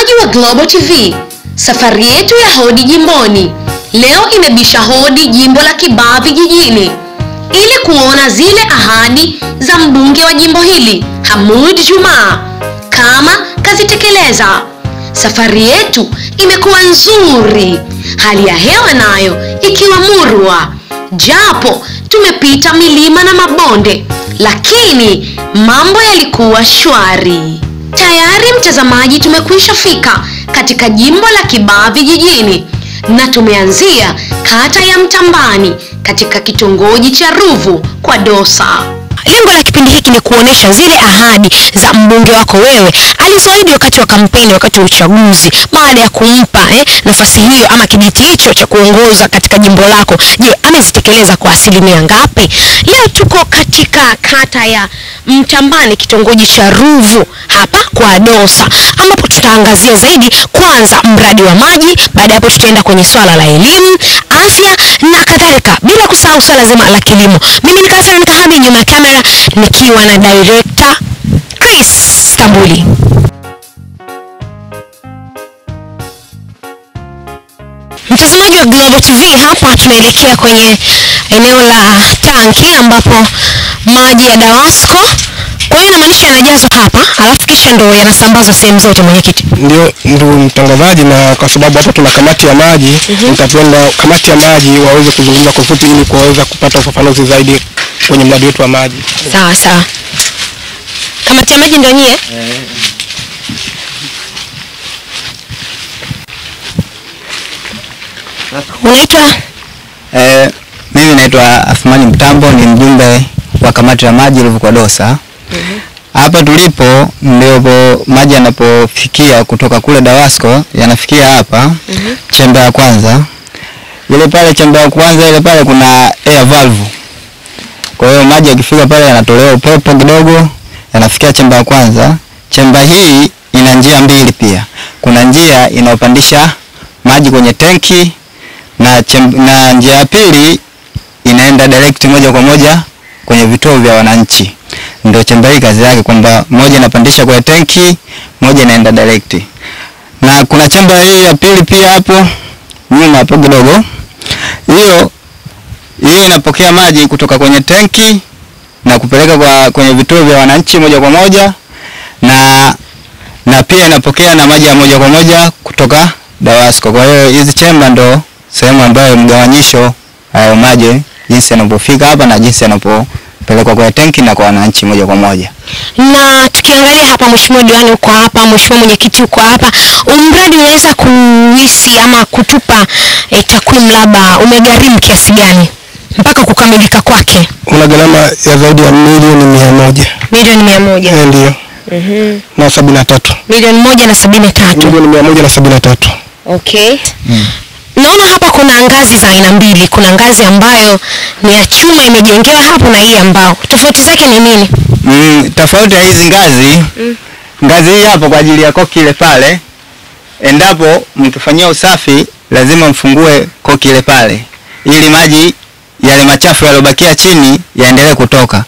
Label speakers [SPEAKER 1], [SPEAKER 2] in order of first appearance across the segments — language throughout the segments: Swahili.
[SPEAKER 1] Mtazamaji wa Global TV, safari yetu ya hodi jimboni leo imebisha hodi jimbo la Kibaha Vijijini ili kuona zile ahadi za mbunge wa jimbo hili Hamoud Juma kama kazitekeleza. Safari yetu imekuwa nzuri, hali ya hewa nayo ikiwa murwa, japo tumepita milima na mabonde, lakini mambo yalikuwa shwari. Tayari mtazamaji, tumekwisha fika katika jimbo la Kibaha Vijijini na tumeanzia kata ya Mtambani katika kitongoji cha Ruvu kwa Dosa. Lengo la kipindi hiki ni kuonesha zile ahadi za mbunge wako wewe alizoahidi wakati wa kampeni, wakati wa uchaguzi, baada ya kumpa eh, nafasi hiyo ama kibiti hicho cha kuongoza katika jimbo lako. Je, amezitekeleza kwa asilimia ngapi? Leo tuko katika kata ya Mtambani, kitongoji cha Ruvu hapa kwa Dosa, ambapo tutaangazia zaidi kwanza mradi wa maji, baada hapo tutaenda kwenye swala la elimu, afya na kadhalika, bila kusahau swala zima la kilimo. Mimi ni Catherine Kahabi, nyuma ya kamera nikiwa na director Chris kambuli Mtazamaji wa Global TV, hapa tunaelekea kwenye eneo la tanki ambapo maji ya Dawasco kwa hiyo inamaanisha yanajazwa hapa alafu kisha ndo yanasambazwa sehemu zote, mwenyekiti?
[SPEAKER 2] Ndio, ndugu mtangazaji, na kwa sababu hapa tuna kamati ya maji mm -hmm. Nitapenda kamati ya maji waweze kuzungumza kwa ufupi ili kuweza kupata ufafanuzi zaidi kwenye mradi wetu wa maji.
[SPEAKER 1] Sawa sawa. Kamati ya maji ndio nyie? Eh. Unaitwa?
[SPEAKER 2] Eh, mimi naitwa Athmani Mtambo, ni mjumbe wa kamati ya maji Ruvu DOSA. Mhm. Hapa mm -hmm. tulipo ndipo maji yanapofikia kutoka kule Dawasco yanafikia hapa mm -hmm. ya kwanza. Ile pale chemba ya kwanza ile pale kuna air valve yakifika pale yanatolewa upepo kidogo, yanafikia chemba ya kwanza. Chemba hii ina njia mbili pia, kuna njia inayopandisha maji kwenye tenki na, chemb... na njia ya pili inaenda direct moja kwa moja kwenye vituo vya wananchi. Ndio chemba hii kazi yake kwamba moja inapandisha kwenye tenki, moja inaenda direct. Na kuna chemba hii ya pili pia hapo nyuma hapo kidogo, hiyo hiyo inapokea maji kutoka kwenye tenki na kupeleka kwa kwenye vituo vya wananchi moja kwa moja na na pia inapokea na maji ya moja kwa moja kutoka Dawasco. Kwa hiyo hizi chemba ndo sehemu ambayo mgawanyisho hayo maji jinsi yanapofika hapa na jinsi yanapopelekwa kwa tenki na kwa wananchi moja kwa moja.
[SPEAKER 1] Na tukiangalia hapa, mheshimiwa diwani uko hapa, mheshimiwa mwenyekiti uko hapa, umradi unaweza kuhisi ama kutupa eh, takwimu labda umegharimu kiasi gani? mpaka kukamilika kwake Kuna
[SPEAKER 2] gharama ya zaidi ya milioni mia moja milioni
[SPEAKER 1] mia moja e, ndio
[SPEAKER 2] mm -hmm. na sabini na tatu milioni
[SPEAKER 1] moja na sabini na tatu milioni
[SPEAKER 2] mia moja na sabini na tatu
[SPEAKER 1] okay mm. Naona hapa kuna ngazi za aina mbili. Kuna ngazi ambayo ni ya chuma imejengewa hapo na hii ambao. Tofauti zake ni nini?
[SPEAKER 2] Mm, tofauti ya hizi ngazi mm. ngazi hii hapo kwa ajili ya koki ile pale, endapo mkifanyia usafi lazima mfungue koki ile pale ili maji yale machafu yaliyobakia chini yaendelee kutoka,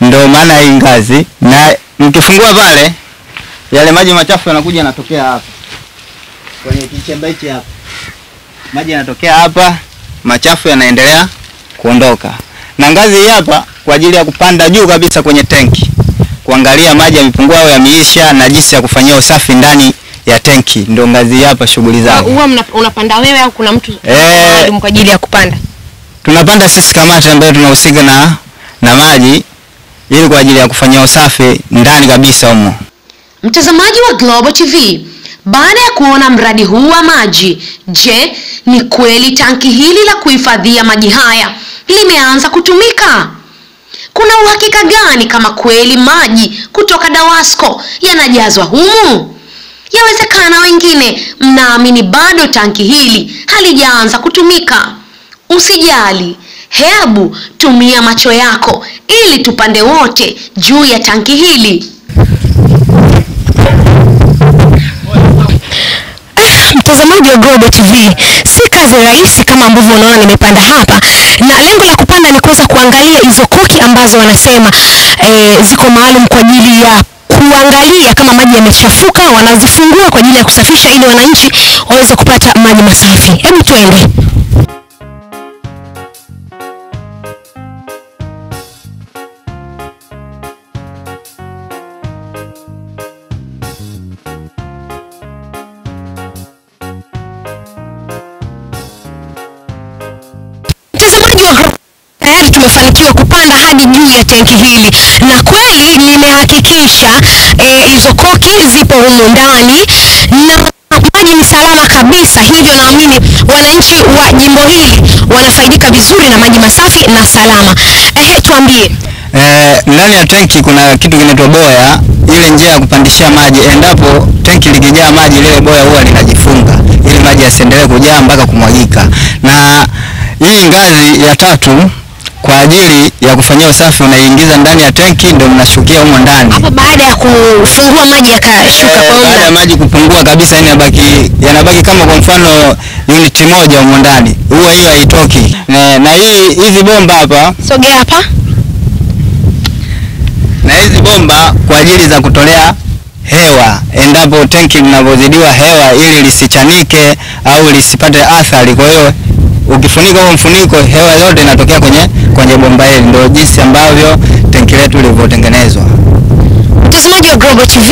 [SPEAKER 2] ndio maana hii ngazi. Na mkifungua pale, yale maji machafu yanakuja yanatokea hapa kwenye kichemba hichi hapa, maji yanatokea hapa, machafu yanaendelea kuondoka. Na ngazi hii hapa kwa ajili ya kupanda juu kabisa kwenye tenki, kuangalia maji yamepungua au yameisha, na jinsi ya kufanyia usafi ndani ya tenki, ndio ngazi hapa shughuli ah, zao. Huwa
[SPEAKER 1] unapanda wewe au kuna mtu eh, kwa ajili ya kupanda?
[SPEAKER 2] tunapanda sisi kamati ambayo tunahusika na, na maji ili kwa ajili ya kufanyia usafi ndani kabisa humo.
[SPEAKER 1] Mtazamaji wa Global TV, baada ya kuona mradi huu wa maji, je, ni kweli tanki hili la kuhifadhia maji haya limeanza kutumika? Kuna uhakika gani kama kweli maji kutoka Dawasco yanajazwa humu? Yawezekana wengine mnaamini bado tanki hili halijaanza kutumika. Usijali, hebu tumia macho yako ili tupande wote juu ya tanki hili. Mtazamaji wa Global TV, si kazi rahisi kama ambavyo unaona nimepanda hapa, na lengo la kupanda ni kuweza kuangalia hizo koki ambazo wanasema e, ziko maalum kwa ajili ya kuangalia kama maji yamechafuka, wanazifungua kwa ajili ya kusafisha ili wananchi waweze kupata maji masafi. Hebu twende. mimi juu ya tenki hili, na kweli nimehakikisha eh, hizo e, koki zipo humo ndani na maji ni salama kabisa, hivyo naamini wananchi wa jimbo hili wanafaidika vizuri na maji masafi na salama. Ehe, tuambie
[SPEAKER 2] eh, ndani ya tenki kuna kitu kinaitwa boya, ile njia ya kupandishia maji. Endapo tenki likijaa maji, lile boya huwa linajifunga ili maji yasiendelee kujaa mpaka kumwagika, na hii ngazi ya tatu kwa ajili ya kufanyia usafi, unaingiza ndani ya tenki ndio mnashukia humo ndani. Hapo
[SPEAKER 1] baada ya kufungua maji yakashuka eh, kwa Baada ya maji
[SPEAKER 2] kupungua kabisa, yanabaki yanabaki kama kwa mfano unit moja humo ndani, huwa hiyo haitoki. Na, na hii hizi bomba hapa, sogea hapa, na hizi bomba kwa ajili za kutolea hewa endapo tenki linapozidiwa hewa, ili lisichanike au lisipate athari. Kwa hiyo ukifunika huo mfuniko, hewa yote inatokea kwenye kwenye bomba hili. Ndio jinsi ambavyo tenki letu lilivyotengenezwa.
[SPEAKER 1] Mtazamaji wa Global TV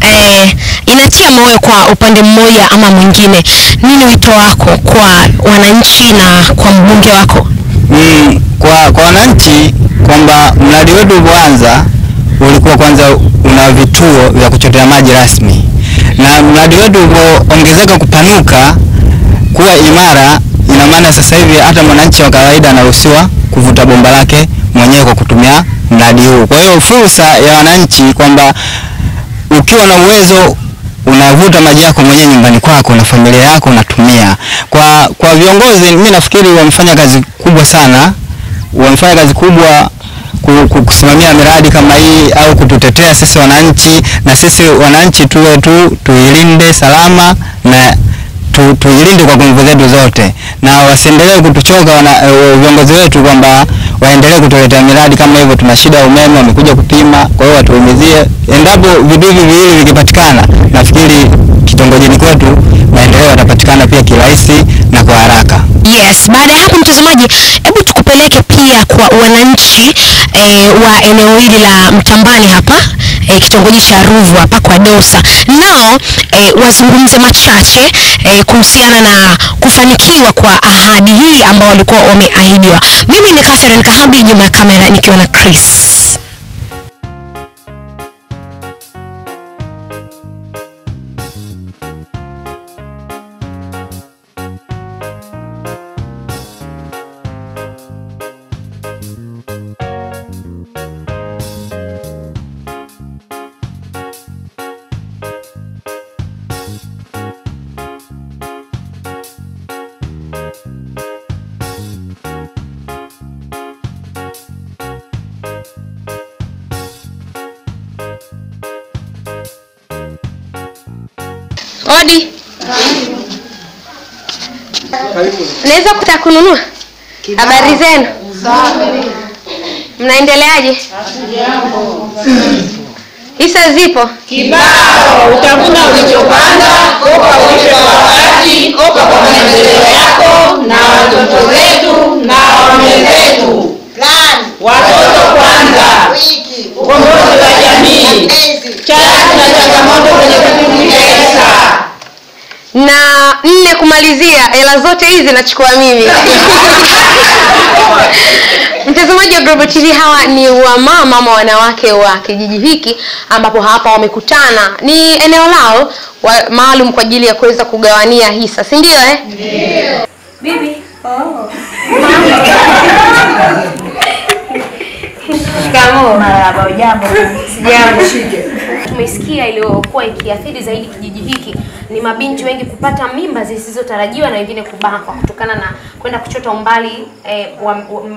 [SPEAKER 1] eh, inatia moyo kwa upande mmoja ama mwingine. Nini wito wako kwa wananchi na kwa mbunge wako?
[SPEAKER 2] Mm, kwa kwa wananchi kwamba mradi wetu ulipoanza ulikuwa kwanza una vituo vya kuchotea maji rasmi, na mradi wetu ulipoongezeka kupanuka kuwa imara ina maana sasa hivi hata mwananchi wa kawaida anaruhusiwa kuvuta bomba lake mwenyewe kwa kutumia mradi huu. Kwa hiyo fursa ya wananchi kwamba ukiwa na uwezo unavuta maji yako mwenyewe nyumbani kwako na familia yako unatumia. Kwa kwa viongozi, mimi nafikiri wamefanya kazi kubwa sana, wamefanya kazi kubwa kusimamia miradi kama hii au kututetea sisi wananchi, na sisi wananchi tuwe tu tuilinde salama na tu, kwa nguvu zetu zote, na wasiendelee kutuchoka wana, eh, viongozi wetu kwamba waendelee kutuletea miradi kama hivyo. Tuna shida ya umeme, wamekuja kupima. Kwa hiyo watuumizie. endapo vitu hivi viwili vikipatikana, nafikiri kitongojini kwetu maendeleo yatapatikana pia kirahisi na kwa haraka.
[SPEAKER 1] Yes, baada ya hapo mtazamaji, hebu tukupeleke pia kwa wananchi e, wa eneo hili la Mtambani hapa eh, kitongoji cha Ruvu hapa kwa Dosa. Nao eh, wazungumze machache eh, kuhusiana na kufanikiwa kwa ahadi hii ambao walikuwa wameahidiwa. Mimi ni Catherine Kahambi nyuma ya kamera nikiwa na Chris. Odi. Naweza kutaka kununua? Habari zenu? Mnaendeleaje? Hisa zipo
[SPEAKER 3] kibao. Utavuna ulichopanda, kopa mwisho wa wakati, kopa kwa maendeleo yako na watoto wetu na waume zetu. Watoto kwanza, ukombozi wa jamii, chai
[SPEAKER 1] na nne kumalizia hela zote hizi nachukua mimi mtazamaji wa Global TV hawa ni wamama mama wanawake wa kijiji hiki ambapo hapa wamekutana ni eneo lao maalum kwa ajili ya kuweza kugawania hisa si ndio eh?
[SPEAKER 4] Bibi.
[SPEAKER 5] Oh.
[SPEAKER 6] tumesikia iliyokuwa ikiathiri zaidi kijiji hiki ni mabinti wengi kupata mimba zisizotarajiwa na wengine kubakwa kutokana na kwenda kuchota umbali eh,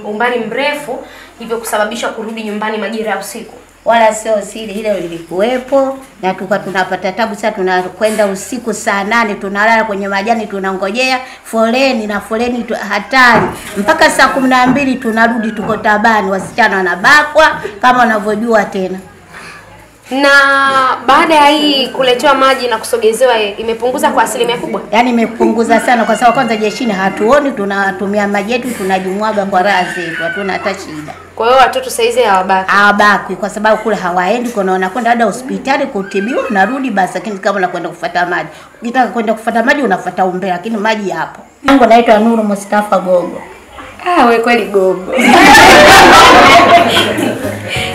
[SPEAKER 6] umbali mrefu, hivyo kusababisha kurudi nyumbani majira ya usiku.
[SPEAKER 7] Wala sio siri, hilo lilikuwepo na tuka tunapata tabu Sasa Tunakwenda usiku saa nane tunalala kwenye majani, tunangojea foleni na foleni hatari mpaka saa kumi na mbili tunarudi, tuko tabani, wasichana wanabakwa kama wanavyojua tena.
[SPEAKER 6] Na baada ya hii kuletewa maji na kusogezewa eh, imepunguza kwa asilimia kubwa, yaani
[SPEAKER 7] imepunguza sana, kwa sababu kwanza jeshini hatuoni, tunatumia maji yetu tunajimwaga kwa raha zetu, hatuna hata shida. Kwa hiyo
[SPEAKER 6] watoto hizi hawabaki
[SPEAKER 7] hawabaki, kwa sababu kule hawaendi, kuna wanakwenda labda hospitali kutibiwa, narudi basi, lakini kama la kwenda kufuata maji, ukitaka kwenda kufuata maji unafuata umbea, lakini maji hapo. Mungu,
[SPEAKER 8] naitwa Nuru Mustafa Gogo.
[SPEAKER 9] Ah, wewe kweli gogo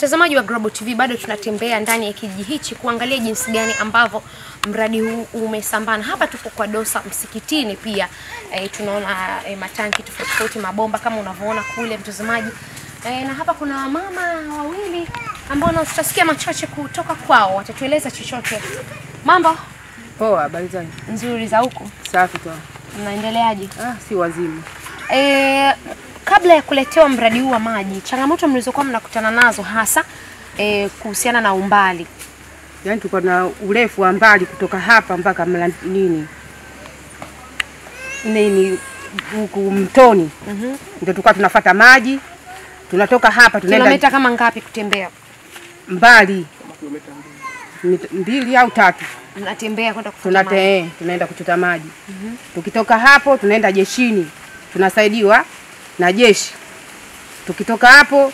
[SPEAKER 1] Mtazamaji wa Global TV, bado tunatembea ndani ya kijiji hichi kuangalia jinsi gani ambavyo mradi huu umesambana. Hapa tuko kwa Dosa msikitini pia e, tunaona e, matanki tofauti tofauti, mabomba kama unavyoona kule mtazamaji. E, na hapa kuna mama wawili ambao tutasikia machache kutoka kwao, watatueleza chochote. Mambo
[SPEAKER 10] poa? Habari zangu nzuri,
[SPEAKER 1] za huku safi tu. Mnaendeleaje? Ah, si wazimu. E, kabla ya kuletewa mradi huu wa maji, changamoto mlizokuwa mnakutana nazo hasa e, kuhusiana na umbali?
[SPEAKER 11] Yaani tulikuwa na urefu wa mbali kutoka hapa mpaka nini nini huku mtoni mm -hmm. ndio tulikuwa tunafata maji, tunatoka hapa tunaenda kilomita
[SPEAKER 1] kama ngapi kutembea
[SPEAKER 11] mbali? mbili au tatu
[SPEAKER 1] mnatembea kwenda kuchota maji.
[SPEAKER 11] Eh, tunaenda kuchota maji. Mm -hmm. Tukitoka hapo tunaenda jeshini tunasaidiwa na jeshi. Tukitoka hapo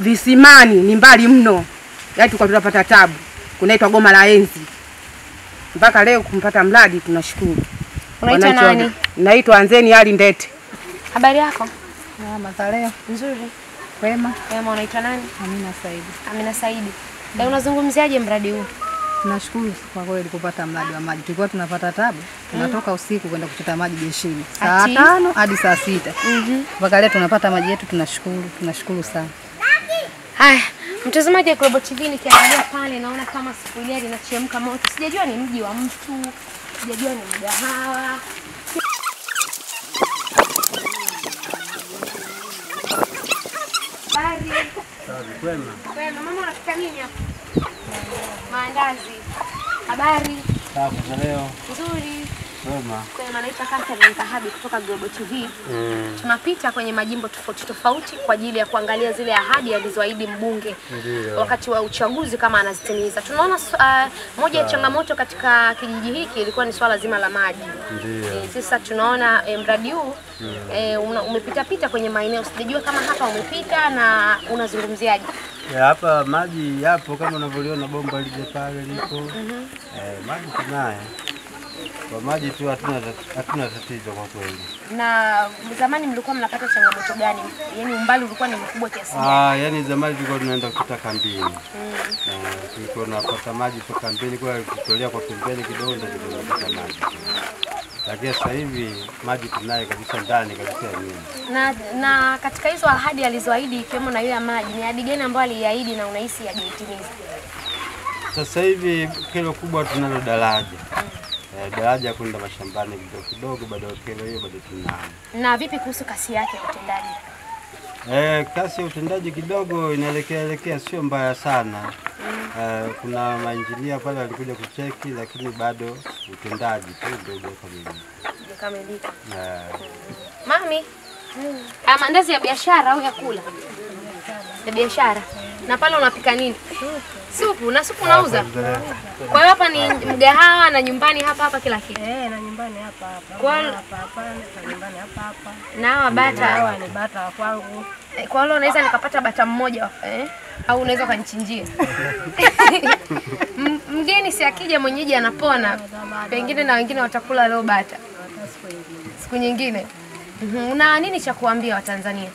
[SPEAKER 11] visimani ni mbali mno, yaani tulikuwa tunapata tabu, kunaitwa goma la enzi. Mpaka leo kumpata mradi tunashukuru.
[SPEAKER 1] Unaitwa nani?
[SPEAKER 11] Naitwa Anzeni Ali Ndete.
[SPEAKER 1] Habari yako?
[SPEAKER 12] Mama za leo nzuri. Wema. Wema, unaitwa nani? Amina Saidi. Amina Saidi.
[SPEAKER 1] Mm. Unazungumziaje mradi huu?
[SPEAKER 12] Tunashukuru kwa kweli kupata mradi wa maji. Tulikuwa tunapata tabu, tunatoka mm. usiku kwenda kuchota maji jeshini saa tano hadi saa sita mhm. mpaka leo tunapata maji yetu. Tunashukuru, tunashukuru sana.
[SPEAKER 1] Haya, mtazamaji wa Global TV, nikiangalia pale naona kama sufuria linachemka moto. Sijajua ni mji wa mtu, sijajua ni mgahawa
[SPEAKER 13] Kwema. Kwema.
[SPEAKER 1] Mama unapika nini hapa? Maandazi. Habari? Sawa, kwa leo. Nzuri. Wema.
[SPEAKER 13] maana Malaika Cafe
[SPEAKER 1] ni Kahabi kutoka Global TV. Mm. Tunapita kwenye majimbo tofauti tofauti kwa ajili ya kuangalia zile ahadi alizoahidi mbunge Ndiyo. wakati wa uchaguzi kama anazitimiza. Tunaona uh, moja ya changamoto katika kijiji hiki ilikuwa ni swala zima la maji. E, sasa tunaona eh, mradi huu mm. eh, umepita pita kwenye maeneo, sijajua kama hapa umepita na unazungumziaje? Ya,
[SPEAKER 13] hapa maji yapo kama unavyoliona, bomba lije pale liko mm -hmm. Eh, maji tunaye kwa maji tu hatuna hatuna tatizo kwa kweli.
[SPEAKER 1] Na zamani mlikuwa mnapata changamoto gani? Yaani umbali ulikuwa ni mkubwa kiasi gani? Ah,
[SPEAKER 13] yaani zamani tulikuwa tunaenda kutoka kambini. Mm. Eh, tulikuwa tunapata maji kutoka kambini kwa kutolea kwa pembeni kidogo ndio tunapata maji lakini sasa hivi maji tunaye kabisa ndani kabisa ya nyumba. Na,
[SPEAKER 1] na katika hizo ahadi alizoahidi ikiwemo na ile maji, ni ahadi gani ambayo aliahidi na unahisi hajaitimiza?
[SPEAKER 13] Sasa hivi kero kubwa tunalo daraja mm. E, daraja kwenda mashambani kidogo kidogo, bado kero hiyo bado tunayo. Na
[SPEAKER 1] vipi kuhusu kasi yake ya utendaji?
[SPEAKER 13] Eh, kasi ya utendaji kidogo inaelekea elekea, sio mbaya sana mm. Eh, kuna mainjinia pale walikuja kucheki, lakini bado utendaji tu ndio umekamilika.
[SPEAKER 1] Mami, haya mandazi ya biashara au ya kula? Ya biashara. Na pale unapika nini? Supu. Na supu unauza? Kwa hiyo hapa ni mgahawa na nyumbani hapa hapa kila kitu. Eh,
[SPEAKER 14] na nyumbani hapa hapa. Kwa hapa hapa na nyumbani hapa hapa. Na
[SPEAKER 1] hawa bata hawa ni
[SPEAKER 14] bata wa kwangu. Eh,
[SPEAKER 1] kwa hiyo unaweza nikapata bata mmoja eh? Au unaweza kanichinjia? akija mwenyeji anapona, pengine na wengine watakula leo bata
[SPEAKER 14] siku nyingine.
[SPEAKER 1] Mhm, una nini cha kuambia Watanzania?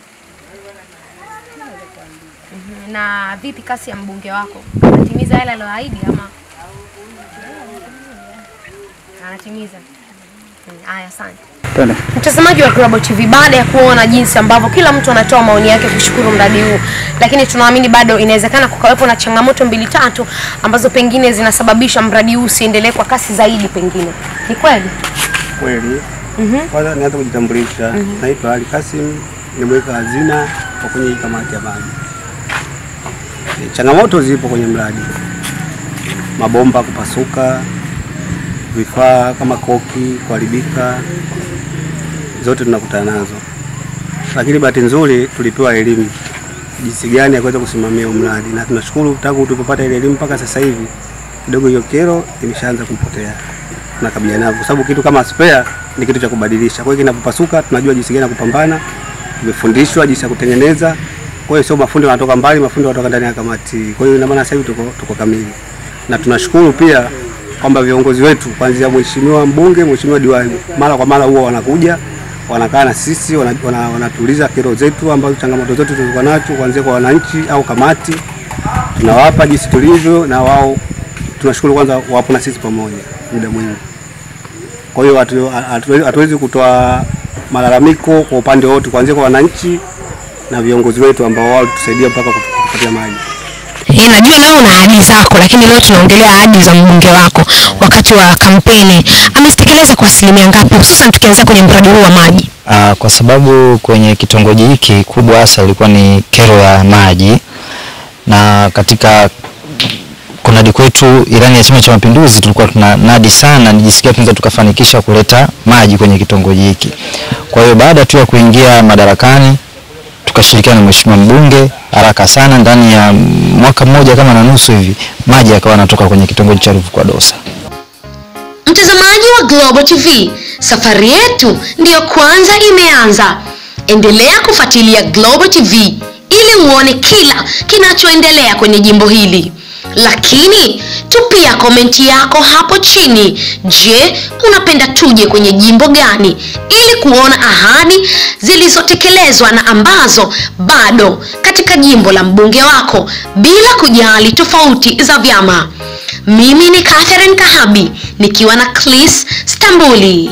[SPEAKER 1] Mhm, na vipi kasi ya mbunge wako, anatimiza yale aliyoahidi ama anatimiza? Mhm, haya, asante. Twende. Mtazamaji wa Global TV, baada ya kuona jinsi ambavyo kila mtu anatoa maoni yake kushukuru mradi huu, lakini tunaamini bado inawezekana kukawepo na changamoto mbili tatu ambazo pengine zinasababisha mradi huu usiendelee kwa kasi zaidi, pengine ni kweli
[SPEAKER 13] kweli? mm Kwanza nianze kujitambulisha. mm -hmm. Naitwa Ali Kasim, ni mweka hazina kwa kwenye kamati ya maji. E, changamoto zipo kwenye mradi, mabomba kupasuka, vifaa kama koki kuharibika zote tunakutana nazo, lakini bahati nzuri tulipewa elimu jinsi gani ya kuweza kusimamia mradi, na tunashukuru tangu tulipopata ile elimu mpaka sasa hivi kidogo hiyo kero imeshaanza kupotea, tunakabiliana nayo, kwa sababu kitu kama spare ni kitu cha kubadilisha. Kwa hiyo kinapopasuka, tunajua jinsi gani ya kupambana, tumefundishwa jinsi ya kutengeneza. Kwa hiyo sio mafundi wanatoka mbali, mafundi wanatoka ndani ya kamati. Kwa hiyo ina maana sasa hivi tuko, tuko kamili, na tunashukuru pia kwamba viongozi wetu kuanzia mheshimiwa mbunge, mheshimiwa diwani, mara kwa mara huwa wanakuja wanakaa na sisi, wanatuuliza kero zetu ambazo changamoto zetu tulizokuwa nacho, kuanzia kwa wananchi au kamati, tunawapa jinsi tulivyo na wao. Tunashukuru kwanza, wapo na sisi pamoja muda mwingi. Kwa hiyo hatuwezi kutoa malalamiko kwa upande wote, kuanzia kwa wananchi na viongozi wetu ambao wao tusaidia mpaka kupatia maji.
[SPEAKER 1] Najua leo una ahadi zako, lakini leo tunaongelea ahadi za mbunge wako wakati wa kampeni amezitekeleza kwa asilimia ngapi, hususan tukianzia kwenye mradi huu wa maji? Aa,
[SPEAKER 2] ah, kwa sababu kwenye kitongoji hiki kubwa hasa ilikuwa ni kero ya maji, na katika kunadi kwetu ilani ya Chama cha Mapinduzi tulikuwa tuna nadi sana nijisikia tunaweza tukafanikisha kuleta maji kwenye kitongoji hiki. Kwa hiyo baada tu ya kuingia madarakani tukashirikiana na mheshimiwa mbunge haraka sana, ndani ya mwaka mmoja kama na nusu hivi maji yakawa yanatoka kwenye kitongoji cha kwa Dosa.
[SPEAKER 1] Mtazamaji wa Global TV, safari yetu ndiyo kwanza imeanza. Endelea kufuatilia Global TV ili uone kila kinachoendelea kwenye jimbo hili, lakini tupia komenti yako hapo chini. Je, unapenda tuje kwenye jimbo gani ili kuona ahadi zilizotekelezwa na ambazo bado katika jimbo la mbunge wako, bila kujali tofauti za vyama. Mimi ni Catherine Kahabi nikiwa na Clis Stambuli.